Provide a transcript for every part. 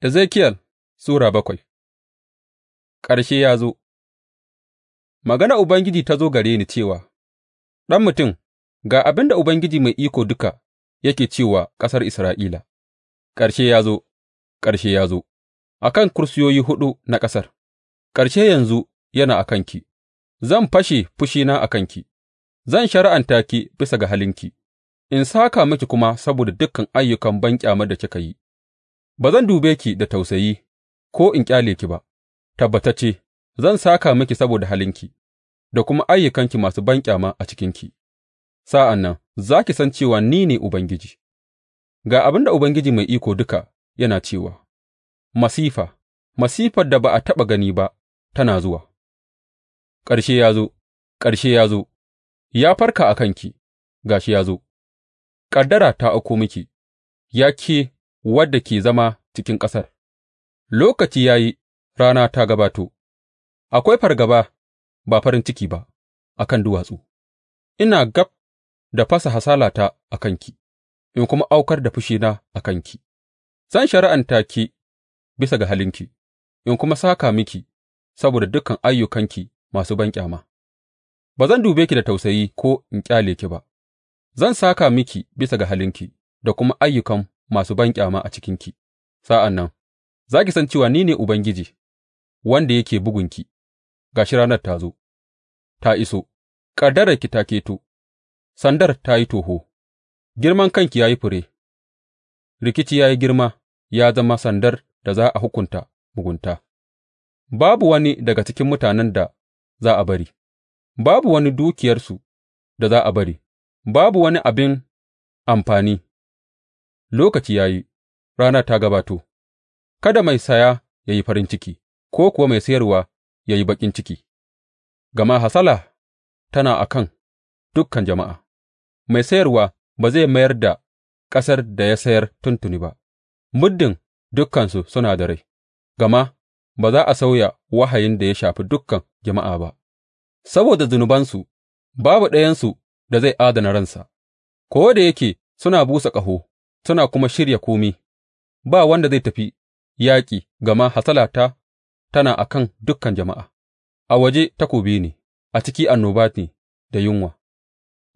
Ezekiel Sura bakwai Ƙarshe ya zo Magana Ubangiji ta zo gare ni cewa, Ɗan mutum, ga abin da Ubangiji Mai Iko Duka yake cewa ƙasar Isra'ila, Ƙarshe ya zo, ƙarshe ya zo, a kan kursiyoyi huɗu na ƙasar, ƙarshe yanzu yana a kanki, zan fashe fushina a kanki, zan shari'anta ki bisa ga halinki, in saka miki kuma saboda dukkan ayyukan banƙyamar da kika yi. Ba zan dube ki da tausayi ko in ƙyale ki ba, tabbatacce zan saka miki saboda halinki da kuma ayyukanki masu banƙyama a cikinki, sa'an nan za ki san cewa ni ne Ubangiji. Ga abin da Ubangiji Mai Iko Duka yana cewa, Masifa, masifar da ba a taɓa gani ba tana zuwa, ƙarshe ya zo, ƙarshe ya zo, ya farka a kanki, gashi ya zo, ƙaddara ta auko miki, ya ke wadda ke zama cikin ƙasar, lokaci ya yi, rana ta gabato, akwai fargaba ba farin ciki ba a kan duwatsu, ina gab da fasa hasalata a kanki, in kuma aukar da fushina a kanki, zan shari'anta ki bisa ga halinki, in kuma saka miki saboda dukan ayyukanki masu banƙyama. Ba zan dube ki da tausayi ko in ƙyale ki ba, zan saka miki bisa ga halinki da kuma ayyukan masu banƙyama a cikinki, sa'an nan za ki san cewa ni ne Ubangiji wanda yake bugunki, ga shi ranar ta zo, ta iso, ƙaddararki ta keto, sandar ta yi toho, girman kanki ya yi fure, rikici ya yi girma ya zama sandar da za a hukunta mugunta, babu wani daga cikin mutanen da za a bari, babu wani dukiyarsu da za a bari, babu wani abin amfani. Lokaci ya yi, rana ta gabato; kada mai saya ya yi farin ciki ko kuwa mai sayarwa ya yi baƙin ciki, gama hasala tana a kan dukan jama'a, mai sayarwa ba zai mayar da ƙasar da ya sayar tuntuni ba, muddin dukansu suna da rai, gama ba za a sauya wahayin da ya shafi dukan jama'a ba, saboda zunubansu babu ɗayansu da zai adana ransa, ko da yake suna busa ƙaho. suna kuma shirya kome; ba wanda zai tafi yaƙi, gama hasalata tana a kan dukan jama'a, a waje takobi ne, a ciki annoba ne da yunwa;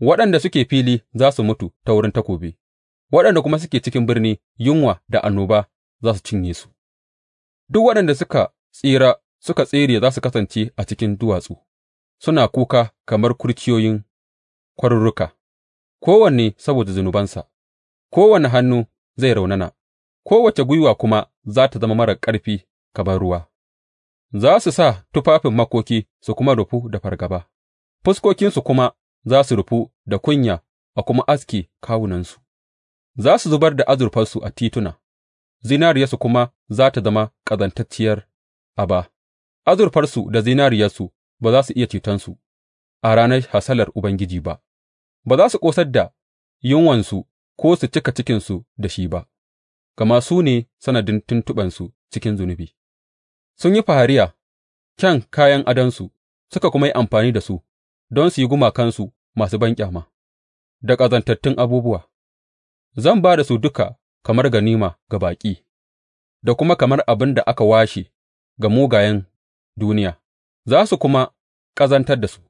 waɗanda suke fili za su mutu ta wurin takobi, waɗanda kuma suke cikin birni yunwa da annoba za su cinye su; duk waɗanda suka tsira suka tsere za su kasance a cikin duwatsu, suna kuka kamar kurciyoyin kwaruruka, kowanne saboda zunubansa. Kowane hannu zai raunana, kowace gwiwa kuma za ta zama marar ƙarfi kamar ruwa; za su sa tufafin makoki su kuma rufu da fargaba, fuskokinsu kuma za su rufu da kunya a kuma aske kawunansu; za su zubar da azurfarsu a tituna, zinariyarsu kuma za tă zama ƙazantacciyar aba; azurfarsu da zinariyarsu ba za su iya cetonsu a ranar hasalar Ubangiji ba, ba za su ƙosar da yunwansu. ko su cika cikinsu da shi ba, gama su ne sanadin tuntuɓensu cikin zunubi; sun yi fahariya. kyan kayan adonsu suka kuma yi amfani da su don su yi gumakansu masu banƙyama da ƙazantattun abubuwa, zan ba da su duka kamar ganima ga baƙi da kuma kamar abin da aka washe ga mugayen duniya, za su kuma ƙazantar da su,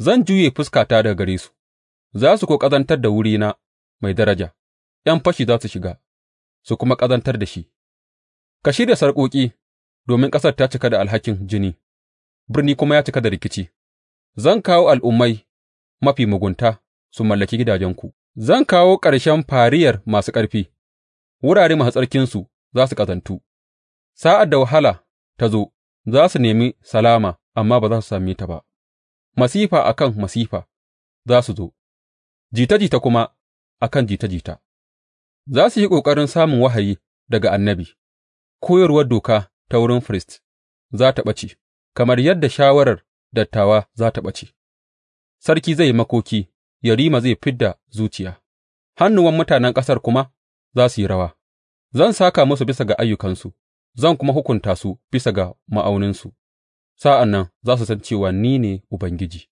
zan juye fuskata daga gare su, za su kuwa ƙazantar da wurina mai daraja, ’yan fashi za su shiga su kuma ƙazantar da shi, ka shirya sarƙoƙi, domin ƙasar ta cika da alhakin jini, birni kuma ya cika da rikici, zan kawo al'ummai mafi mugunta su mallaki gidajenku, zan kawo ƙarshen fariyar masu ƙarfi, wurare masu tsarkinsu za su ƙazantu, sa'ad da wahala ta zo, za su nemi salama amma ba za su same ta ba, masifa a kan masifa za su zo, jita-jita kuma a kan jita jita, za su yi ƙoƙarin samun wahayi daga annabi, koyarwar doka ta wurin firist za ta ɓace, kamar yadda shawarar dattawa za ta ɓace, sarki zai makoki, yarima zai fid da zuciya, hannuwan mutanen ƙasar kuma za su yi rawa, zan saka musu bisa ga ayyukansu, zan kuma hukunta su bisa ga ma'auninsu, sa'an nan za su san cewa ni ne Ubangiji.